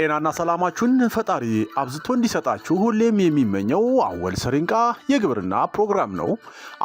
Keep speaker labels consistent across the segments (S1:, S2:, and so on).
S1: ጤናና ሰላማችሁን ፈጣሪ አብዝቶ እንዲሰጣችሁ ሁሌም የሚመኘው አወል ስሪንቃ የግብርና ፕሮግራም ነው።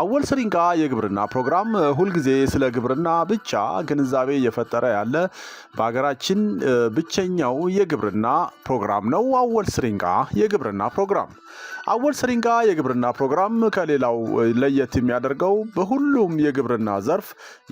S1: አወል ስሪንቃ የግብርና ፕሮግራም ሁልጊዜ ስለ ግብርና ብቻ ግንዛቤ እየፈጠረ ያለ በሀገራችን ብቸኛው የግብርና ፕሮግራም ነው። አወል ስሪንቃ የግብርና ፕሮግራም አወል ሰሪንጋ የግብርና ፕሮግራም ከሌላው ለየት የሚያደርገው በሁሉም የግብርና ዘርፍ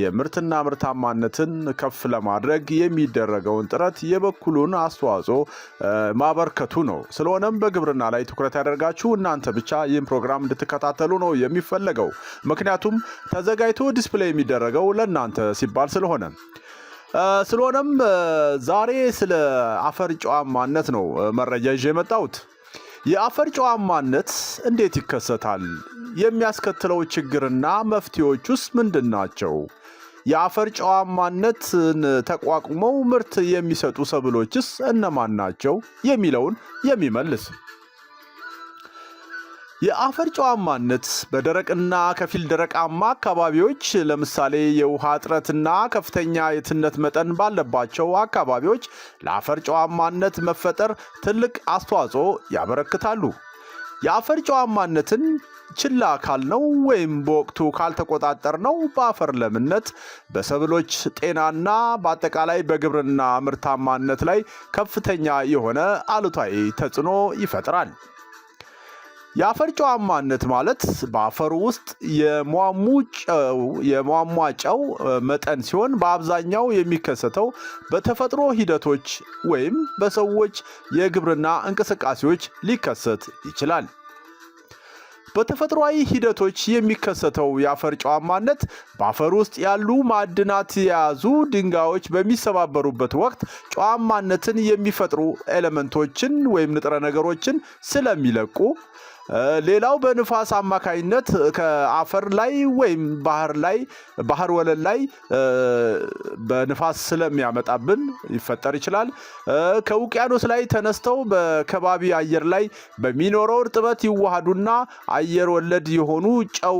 S1: የምርትና ምርታማነትን ከፍ ለማድረግ የሚደረገውን ጥረት የበኩሉን አስተዋጽኦ ማበርከቱ ነው። ስለሆነም በግብርና ላይ ትኩረት ያደርጋችሁ እናንተ ብቻ ይህን ፕሮግራም እንድትከታተሉ ነው የሚፈለገው። ምክንያቱም ተዘጋጅቶ ዲስፕሌይ የሚደረገው ለእናንተ ሲባል ስለሆነ ስለሆነም ዛሬ ስለ አፈር ጨዋማነት ነው መረጃ ይዤ የመጣሁት። የአፈር ጨዋማነት እንዴት ይከሰታል? የሚያስከትለው ችግርና መፍትሄዎች ውስጥ ምንድን ናቸው? የአፈር ጨዋማነትን ተቋቁመው ምርት የሚሰጡ ሰብሎችስ እነማን ናቸው? የሚለውን የሚመልስ የአፈር ጨዋማነት በደረቅና ከፊል ደረቃማ አካባቢዎች ለምሳሌ የውሃ እጥረትና ከፍተኛ የትነት መጠን ባለባቸው አካባቢዎች ለአፈር ጨዋማነት መፈጠር ትልቅ አስተዋጽኦ ያበረክታሉ። የአፈር ጨዋማነትን ችላ ካልነው ወይም በወቅቱ ካልተቆጣጠርነው በአፈር ለምነት፣ በሰብሎች ጤናና በአጠቃላይ በግብርና ምርታማነት ላይ ከፍተኛ የሆነ አሉታዊ ተጽዕኖ ይፈጥራል። የአፈር ጨዋማነት ማለት በአፈሩ ውስጥ የሟሟ ጨው መጠን ሲሆን በአብዛኛው የሚከሰተው በተፈጥሮ ሂደቶች ወይም በሰዎች የግብርና እንቅስቃሴዎች ሊከሰት ይችላል። በተፈጥሯዊ ሂደቶች የሚከሰተው የአፈር ጨዋማነት በአፈር ውስጥ ያሉ ማዕድናት የያዙ ድንጋዮች በሚሰባበሩበት ወቅት ጨዋማነትን የሚፈጥሩ ኤሌመንቶችን ወይም ንጥረ ነገሮችን ስለሚለቁ ሌላው በንፋስ አማካኝነት ከአፈር ላይ ወይም ባህር ላይ ባህር ወለል ላይ በንፋስ ስለሚያመጣብን ይፈጠር ይችላል። ከውቅያኖስ ላይ ተነስተው በከባቢ አየር ላይ በሚኖረው እርጥበት ይዋሃዱና አየር ወለድ የሆኑ ጨው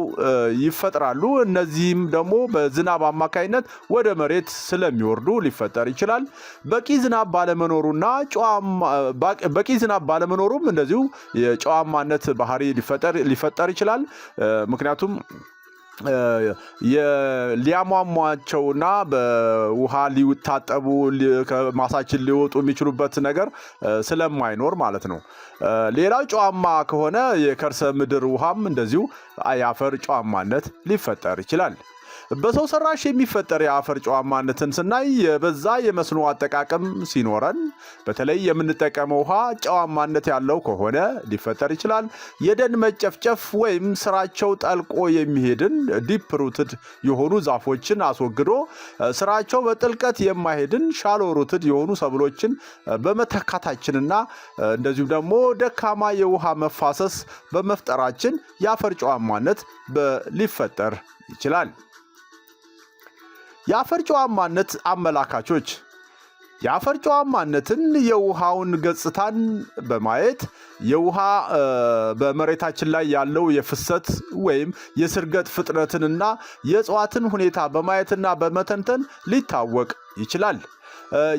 S1: ይፈጥራሉ። እነዚህም ደግሞ በዝናብ አማካኝነት ወደ መሬት ስለሚወርዱ ሊፈጠር ይችላል። በቂ ዝናብ ባለመኖሩና በቂ ዝናብ ባለመኖሩም እንደዚሁ የጨዋማነት ባህሪ ሊፈጠር ይችላል። ምክንያቱም ሊያሟሟቸውና በውሃ ሊታጠቡ ከማሳችን ሊወጡ የሚችሉበት ነገር ስለማይኖር ማለት ነው። ሌላው ጨዋማ ከሆነ የከርሰ ምድር ውሃም እንደዚሁ የአፈር ጨዋማነት ሊፈጠር ይችላል። በሰው ሰራሽ የሚፈጠር የአፈር ጨዋማነትን ስናይ የበዛ የመስኖ አጠቃቀም ሲኖረን በተለይ የምንጠቀመው ውሃ ጨዋማነት ያለው ከሆነ ሊፈጠር ይችላል የደን መጨፍጨፍ ወይም ስራቸው ጠልቆ የሚሄድን ዲፕ ሩትድ የሆኑ ዛፎችን አስወግዶ ስራቸው በጥልቀት የማይሄድን ሻሎ ሩትድ የሆኑ ሰብሎችን በመተካታችንና እንደዚሁም ደግሞ ደካማ የውሃ መፋሰስ በመፍጠራችን የአፈር ጨዋማነት ሊፈጠር ይችላል። የአፈር ጨዋማነት አመላካቾች የአፈር ጨዋማነትን የውሃውን ገጽታን በማየት የውሃ በመሬታችን ላይ ያለው የፍሰት ወይም የስርገት ፍጥነትንና የእጽዋትን ሁኔታ በማየትና በመተንተን ሊታወቅ ይችላል።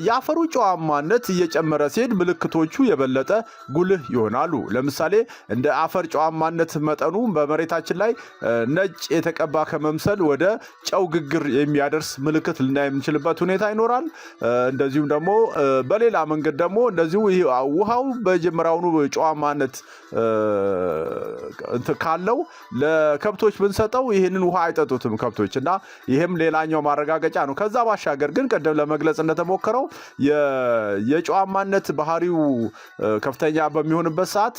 S1: የአፈሩ ጨዋማነት እየጨመረ ሲሄድ ምልክቶቹ የበለጠ ጉልህ ይሆናሉ። ለምሳሌ እንደ አፈር ጨዋማነት መጠኑ በመሬታችን ላይ ነጭ የተቀባ ከመምሰል ወደ ጨው ግግር የሚያደርስ ምልክት ልናይ የምንችልበት ሁኔታ ይኖራል። እንደዚሁም ደግሞ በሌላ መንገድ ደግሞ እንደዚሁ ውሃው መጀመሪያውኑ ጨዋማነት ካለው ለከብቶች ብንሰጠው ይህንን ውሃ አይጠጡትም ከብቶች እና ይህም ሌላኛው ማረጋገጫ ነው። ከዛ ባሻገር ግን ቅድም ለመግለጽ እንደተሞ የሚሞክረው የጨዋማነት ባህሪው ከፍተኛ በሚሆንበት ሰዓት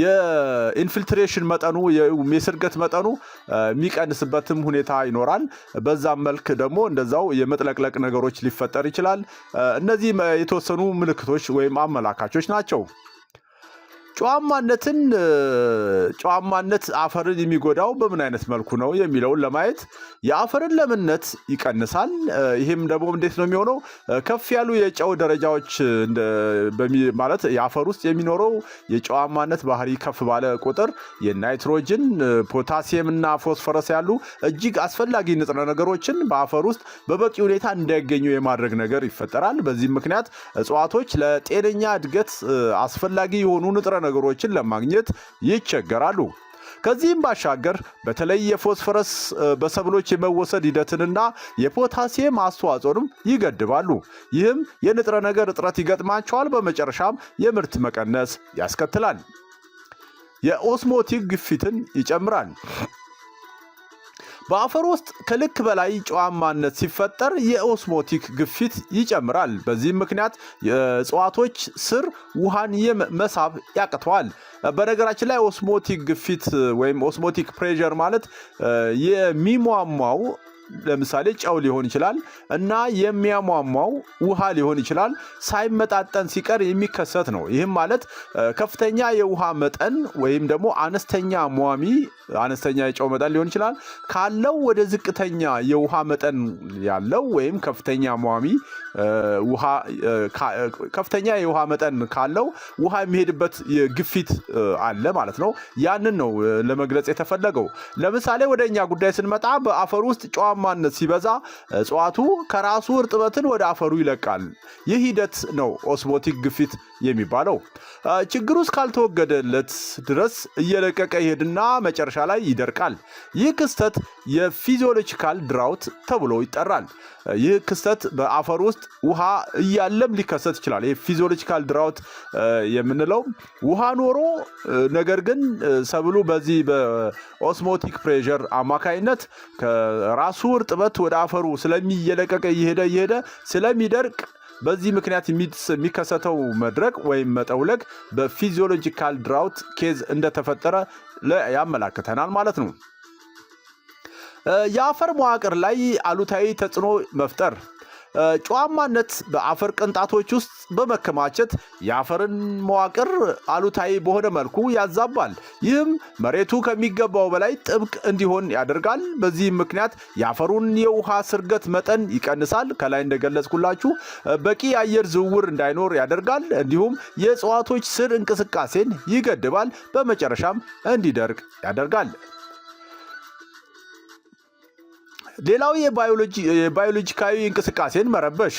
S1: የኢንፊልትሬሽን መጠኑ የስርገት መጠኑ የሚቀንስበትም ሁኔታ ይኖራል። በዛም መልክ ደግሞ እንደዛው የመጥለቅለቅ ነገሮች ሊፈጠር ይችላል። እነዚህ የተወሰኑ ምልክቶች ወይም አመላካቾች ናቸው። ጨዋማነትን ጨዋማነት አፈርን የሚጎዳው በምን አይነት መልኩ ነው የሚለውን ለማየት የአፈርን ለምነት ይቀንሳል። ይህም ደግሞ እንዴት ነው የሚሆነው? ከፍ ያሉ የጨው ደረጃዎች ማለት የአፈር ውስጥ የሚኖረው የጨዋማነት ባህሪ ከፍ ባለ ቁጥር የናይትሮጅን ፖታሲየም እና ፎስፈረስ ያሉ እጅግ አስፈላጊ ንጥረ ነገሮችን በአፈር ውስጥ በበቂ ሁኔታ እንዳይገኙ የማድረግ ነገር ይፈጠራል። በዚህም ምክንያት እጽዋቶች ለጤነኛ እድገት አስፈላጊ የሆኑ ንጥረ ነገሮችን ለማግኘት ይቸገራሉ። ከዚህም ባሻገር በተለይ የፎስፈረስ በሰብሎች የመወሰድ ሂደትንና የፖታሲየም አስተዋጽኦንም ይገድባሉ። ይህም የንጥረ ነገር እጥረት ይገጥማቸዋል። በመጨረሻም የምርት መቀነስ ያስከትላል። የኦስሞቲክ ግፊትን ይጨምራል። በአፈር ውስጥ ከልክ በላይ ጨዋማነት ሲፈጠር የኦስሞቲክ ግፊት ይጨምራል። በዚህም ምክንያት የእጽዋቶች ስር ውሃን መሳብ ያቅተዋል። በነገራችን ላይ ኦስሞቲክ ግፊት ወይም ኦስሞቲክ ፕሬዠር ማለት የሚሟሟው ለምሳሌ ጨው ሊሆን ይችላል እና የሚያሟሟው ውሃ ሊሆን ይችላል ሳይመጣጠን ሲቀር የሚከሰት ነው። ይህም ማለት ከፍተኛ የውሃ መጠን ወይም ደግሞ አነስተኛ ሟሚ አነስተኛ የጨው መጠን ሊሆን ይችላል ካለው ወደ ዝቅተኛ የውሃ መጠን ያለው ወይም ከፍተኛ ሟሚ ከፍተኛ የውሃ መጠን ካለው ውሃ የሚሄድበት ግፊት አለ ማለት ነው። ያንን ነው ለመግለጽ የተፈለገው። ለምሳሌ ወደ እኛ ጉዳይ ስንመጣ በአፈር ውስጥ ጨዋ ምርታማነት ሲበዛ እጽዋቱ ከራሱ እርጥበትን ወደ አፈሩ ይለቃል። ይህ ሂደት ነው ኦስሞቲክ ግፊት የሚባለው ችግሩ እስካልተወገደለት ድረስ እየለቀቀ ይሄድና መጨረሻ ላይ ይደርቃል። ይህ ክስተት የፊዚዮሎጂካል ድራውት ተብሎ ይጠራል። ይህ ክስተት በአፈር ውስጥ ውሃ እያለም ሊከሰት ይችላል። ይህ ፊዚዮሎጂካል ድራውት የምንለው ውሃ ኖሮ ነገር ግን ሰብሉ በዚህ በኦስሞቲክ ፕሬዠር አማካይነት ከራሱ እርጥበት ወደ አፈሩ ስለሚየለቀቀ እየሄደ እየሄደ ስለሚደርቅ በዚህ ምክንያት የሚከሰተው መድረቅ ወይም መጠውለግ በፊዚዮሎጂካል ድራውት ኬዝ እንደተፈጠረ ያመላክተናል ማለት ነው። የአፈር መዋቅር ላይ አሉታዊ ተጽዕኖ መፍጠር ጨዋማነት በአፈር ቅንጣቶች ውስጥ በመከማቸት የአፈርን መዋቅር አሉታዊ በሆነ መልኩ ያዛባል። ይህም መሬቱ ከሚገባው በላይ ጥብቅ እንዲሆን ያደርጋል። በዚህም ምክንያት የአፈሩን የውሃ ስርገት መጠን ይቀንሳል። ከላይ እንደገለጽኩላችሁ በቂ የአየር ዝውውር እንዳይኖር ያደርጋል። እንዲሁም የእጽዋቶች ስር እንቅስቃሴን ይገድባል። በመጨረሻም እንዲደርቅ ያደርጋል። ሌላው የባዮሎጂካዊ እንቅስቃሴን መረበሽ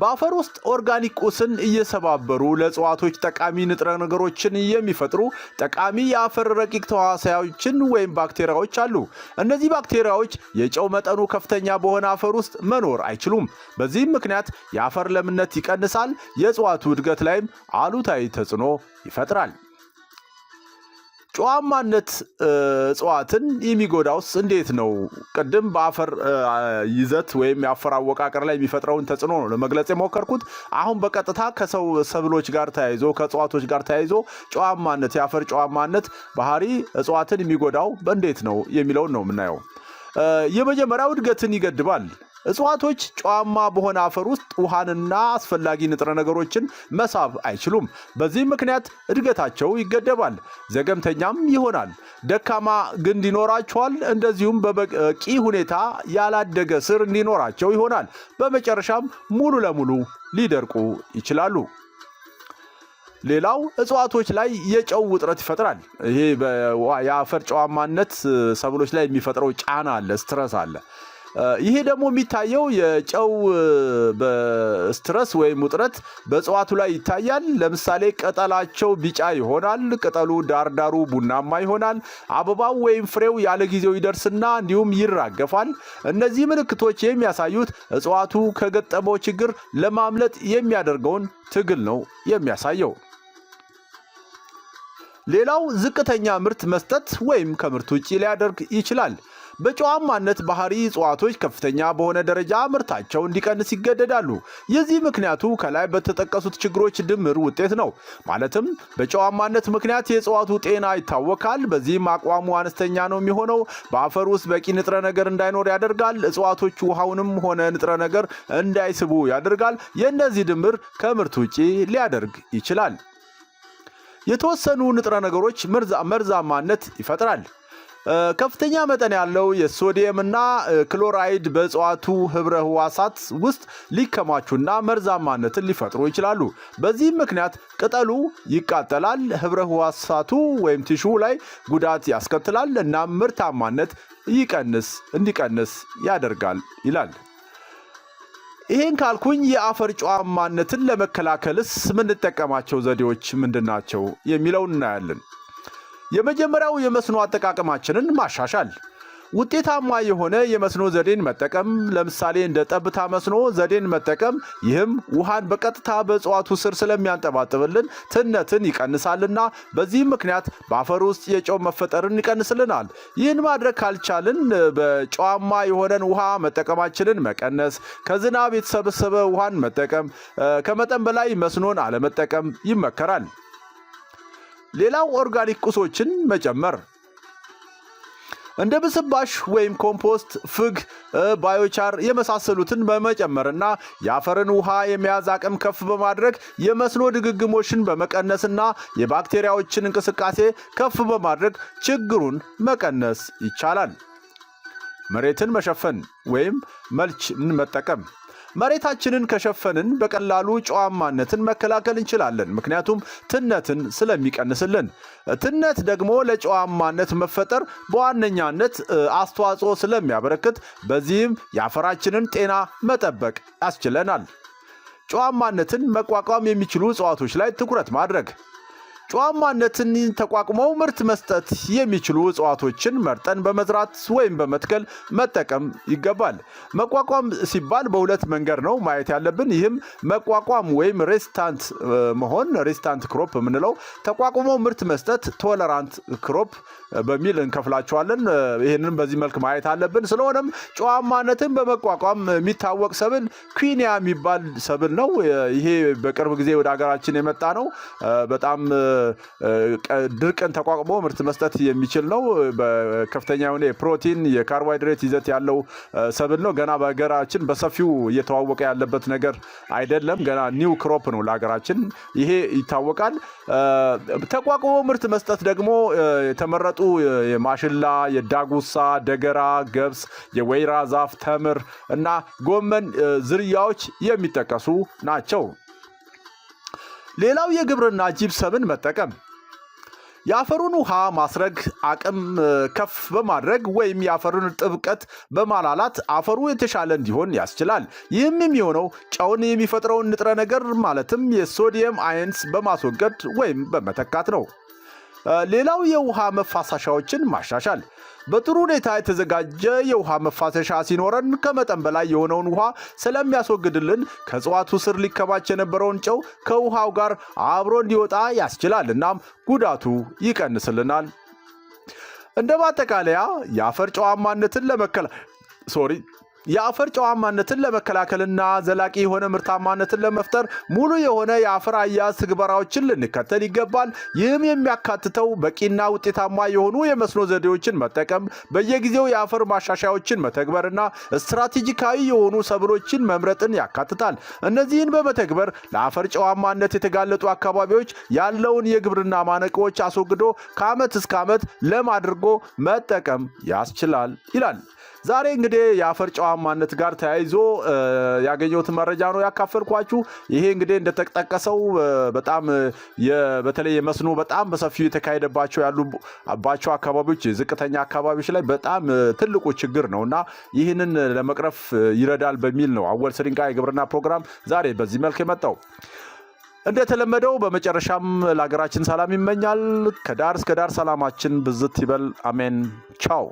S1: በአፈር ውስጥ ኦርጋኒክ ቁስን እየሰባበሩ ለእጽዋቶች ጠቃሚ ንጥረ ነገሮችን የሚፈጥሩ ጠቃሚ የአፈር ረቂቅ ተዋሳዮችን ወይም ባክቴሪያዎች አሉ። እነዚህ ባክቴሪያዎች የጨው መጠኑ ከፍተኛ በሆነ አፈር ውስጥ መኖር አይችሉም። በዚህም ምክንያት የአፈር ለምነት ይቀንሳል፣ የእጽዋቱ እድገት ላይም አሉታዊ ተጽዕኖ ይፈጥራል። ጨዋማነት እጽዋትን የሚጎዳውስ እንዴት ነው? ቅድም በአፈር ይዘት ወይም የአፈር አወቃቀር ላይ የሚፈጥረውን ተጽዕኖ ነው ለመግለጽ የሞከርኩት። አሁን በቀጥታ ከሰው ሰብሎች ጋር ተያይዞ ከእጽዋቶች ጋር ተያይዞ ጨዋማነት፣ የአፈር ጨዋማነት ባህሪ እጽዋትን የሚጎዳው እንዴት ነው የሚለውን ነው የምናየው። የመጀመሪያው እድገትን ይገድባል። እጽዋቶች ጨዋማ በሆነ አፈር ውስጥ ውሃንና አስፈላጊ ንጥረ ነገሮችን መሳብ አይችሉም። በዚህ ምክንያት እድገታቸው ይገደባል፣ ዘገምተኛም ይሆናል። ደካማ ግንድ ይኖራቸዋል። እንደዚሁም በበቂ ሁኔታ ያላደገ ስር እንዲኖራቸው ይሆናል። በመጨረሻም ሙሉ ለሙሉ ሊደርቁ ይችላሉ። ሌላው እጽዋቶች ላይ የጨው ውጥረት ይፈጥራል። ይሄ የአፈር ጨዋማነት ሰብሎች ላይ የሚፈጥረው ጫና አለ፣ ስትረስ አለ። ይሄ ደግሞ የሚታየው የጨው በስትረስ ወይም ውጥረት በእጽዋቱ ላይ ይታያል። ለምሳሌ ቅጠላቸው ቢጫ ይሆናል። ቅጠሉ ዳርዳሩ ቡናማ ይሆናል። አበባው ወይም ፍሬው ያለ ጊዜው ይደርስና እንዲሁም ይራገፋል። እነዚህ ምልክቶች የሚያሳዩት እጽዋቱ ከገጠመው ችግር ለማምለጥ የሚያደርገውን ትግል ነው የሚያሳየው። ሌላው ዝቅተኛ ምርት መስጠት ወይም ከምርት ውጪ ሊያደርግ ይችላል። በጨዋማነት ባህሪ እጽዋቶች ከፍተኛ በሆነ ደረጃ ምርታቸው እንዲቀንስ ይገደዳሉ። የዚህ ምክንያቱ ከላይ በተጠቀሱት ችግሮች ድምር ውጤት ነው። ማለትም በጨዋማነት ምክንያት የእጽዋቱ ጤና ይታወካል። በዚህም አቋሙ አነስተኛ ነው የሚሆነው። በአፈር ውስጥ በቂ ንጥረ ነገር እንዳይኖር ያደርጋል። እጽዋቶች ውሃውንም ሆነ ንጥረ ነገር እንዳይስቡ ያደርጋል። የእነዚህ ድምር ከምርት ውጪ ሊያደርግ ይችላል። የተወሰኑ ንጥረ ነገሮች መርዛማነት ይፈጥራል። ከፍተኛ መጠን ያለው የሶዲየም እና ክሎራይድ በእጽዋቱ ህብረ ህዋሳት ውስጥ ሊከማቹና መርዛማነትን ሊፈጥሩ ይችላሉ። በዚህም ምክንያት ቅጠሉ ይቃጠላል፣ ህብረ ህዋሳቱ ወይም ቲሹ ላይ ጉዳት ያስከትላል እና ምርታማነት ይቀንስ እንዲቀንስ ያደርጋል ይላል። ይህን ካልኩኝ የአፈር ጨዋማነትን ለመከላከልስ የምንጠቀማቸው ዘዴዎች ምንድን ናቸው የሚለውን እናያለን። የመጀመሪያው የመስኖ አጠቃቀማችንን ማሻሻል ውጤታማ የሆነ የመስኖ ዘዴን መጠቀም፣ ለምሳሌ እንደ ጠብታ መስኖ ዘዴን መጠቀም። ይህም ውሃን በቀጥታ በእጽዋቱ ስር ስለሚያንጠባጥብልን ትነትን ይቀንሳልና በዚህም ምክንያት በአፈር ውስጥ የጨው መፈጠርን ይቀንስልናል። ይህን ማድረግ ካልቻልን በጨዋማ የሆነን ውሃ መጠቀማችንን መቀነስ፣ ከዝናብ የተሰበሰበ ውሃን መጠቀም፣ ከመጠን በላይ መስኖን አለመጠቀም ይመከራል። ሌላው ኦርጋኒክ ቁሶችን መጨመር እንደ ብስባሽ ወይም ኮምፖስት፣ ፍግ፣ ባዮቻር የመሳሰሉትን በመጨመርና የአፈርን ውሃ የመያዝ አቅም ከፍ በማድረግ የመስኖ ድግግሞሽን በመቀነስና የባክቴሪያዎችን እንቅስቃሴ ከፍ በማድረግ ችግሩን መቀነስ ይቻላል። መሬትን መሸፈን ወይም መልችን መጠቀም መሬታችንን ከሸፈንን በቀላሉ ጨዋማነትን መከላከል እንችላለን፣ ምክንያቱም ትነትን ስለሚቀንስልን። ትነት ደግሞ ለጨዋማነት መፈጠር በዋነኛነት አስተዋጽኦ ስለሚያበረክት፣ በዚህም የአፈራችንን ጤና መጠበቅ ያስችለናል። ጨዋማነትን መቋቋም የሚችሉ እጽዋቶች ላይ ትኩረት ማድረግ ጨዋማነትን ተቋቁመው ምርት መስጠት የሚችሉ እጽዋቶችን መርጠን በመዝራት ወይም በመትከል መጠቀም ይገባል። መቋቋም ሲባል በሁለት መንገድ ነው ማየት ያለብን። ይህም መቋቋም ወይም ሬስታንት መሆን ሬስታንት ክሮፕ የምንለው ተቋቁሞ ምርት መስጠት ቶለራንት ክሮፕ በሚል እንከፍላቸዋለን። ይህንን በዚህ መልክ ማየት አለብን። ስለሆነም ጨዋማነትን በመቋቋም የሚታወቅ ሰብል ኩዊኒያ የሚባል ሰብል ነው። ይሄ በቅርብ ጊዜ ወደ ሀገራችን የመጣ ነው። በጣም ድርቅን ተቋቁሞ ምርት መስጠት የሚችል ነው። በከፍተኛ የሆነ የፕሮቲን የካርቦሃይድሬት ይዘት ያለው ሰብል ነው። ገና በሀገራችን በሰፊው እየተዋወቀ ያለበት ነገር አይደለም። ገና ኒው ክሮፕ ነው ለሀገራችን፣ ይሄ ይታወቃል። ተቋቁሞ ምርት መስጠት ደግሞ የተመረጡ የማሽላ፣ የዳጉሳ፣ ደገራ፣ ገብስ፣ የወይራ ዛፍ፣ ተምር እና ጎመን ዝርያዎች የሚጠቀሱ ናቸው። ሌላው የግብርና ጂፕሰምን መጠቀም የአፈሩን ውሃ ማስረግ አቅም ከፍ በማድረግ ወይም የአፈሩን ጥብቀት በማላላት አፈሩ የተሻለ እንዲሆን ያስችላል። ይህም የሚሆነው ጨውን የሚፈጥረውን ንጥረ ነገር ማለትም የሶዲየም አየንስ በማስወገድ ወይም በመተካት ነው። ሌላው የውሃ መፋሰሻዎችን ማሻሻል በጥሩ ሁኔታ የተዘጋጀ የውሃ መፋሰሻ ሲኖረን ከመጠን በላይ የሆነውን ውሃ ስለሚያስወግድልን ከእጽዋቱ ስር ሊከማች የነበረውን ጨው ከውሃው ጋር አብሮ እንዲወጣ ያስችላል። እናም ጉዳቱ ይቀንስልናል። እንደ ማጠቃለያ የአፈር ጨዋማነትን ለመከላ ሶሪ የአፈር ጨዋማነትን ለመከላከልና ዘላቂ የሆነ ምርታማነትን ለመፍጠር ሙሉ የሆነ የአፈር አያያዝ ትግበራዎችን ልንከተል ይገባል። ይህም የሚያካትተው በቂና ውጤታማ የሆኑ የመስኖ ዘዴዎችን መጠቀም፣ በየጊዜው የአፈር ማሻሻያዎችን መተግበርና ስትራቴጂካዊ የሆኑ ሰብሎችን መምረጥን ያካትታል። እነዚህን በመተግበር ለአፈር ጨዋማነት የተጋለጡ አካባቢዎች ያለውን የግብርና ማነቆዎች አስወግዶ ከዓመት እስከ ዓመት ለም አድርጎ መጠቀም ያስችላል ይላል። ዛሬ እንግዲህ የአፈር ጨዋማነት ጋር ተያይዞ ያገኘሁት መረጃ ነው ያካፈልኳችሁ። ይሄ እንግዲህ እንደተጠቀሰው በጣም በተለይ መስኖ በጣም በሰፊው የተካሄደባቸው ያሉባቸው አካባቢዎች ዝቅተኛ አካባቢዎች ላይ በጣም ትልቁ ችግር ነው እና ይህንን ለመቅረፍ ይረዳል በሚል ነው አወል ስሪንቃ የግብርና ፕሮግራም ዛሬ በዚህ መልክ የመጣው። እንደተለመደው በመጨረሻም ለሀገራችን ሰላም ይመኛል። ከዳር እስከ ዳር ሰላማችን ብዝት ይበል። አሜን። ቻው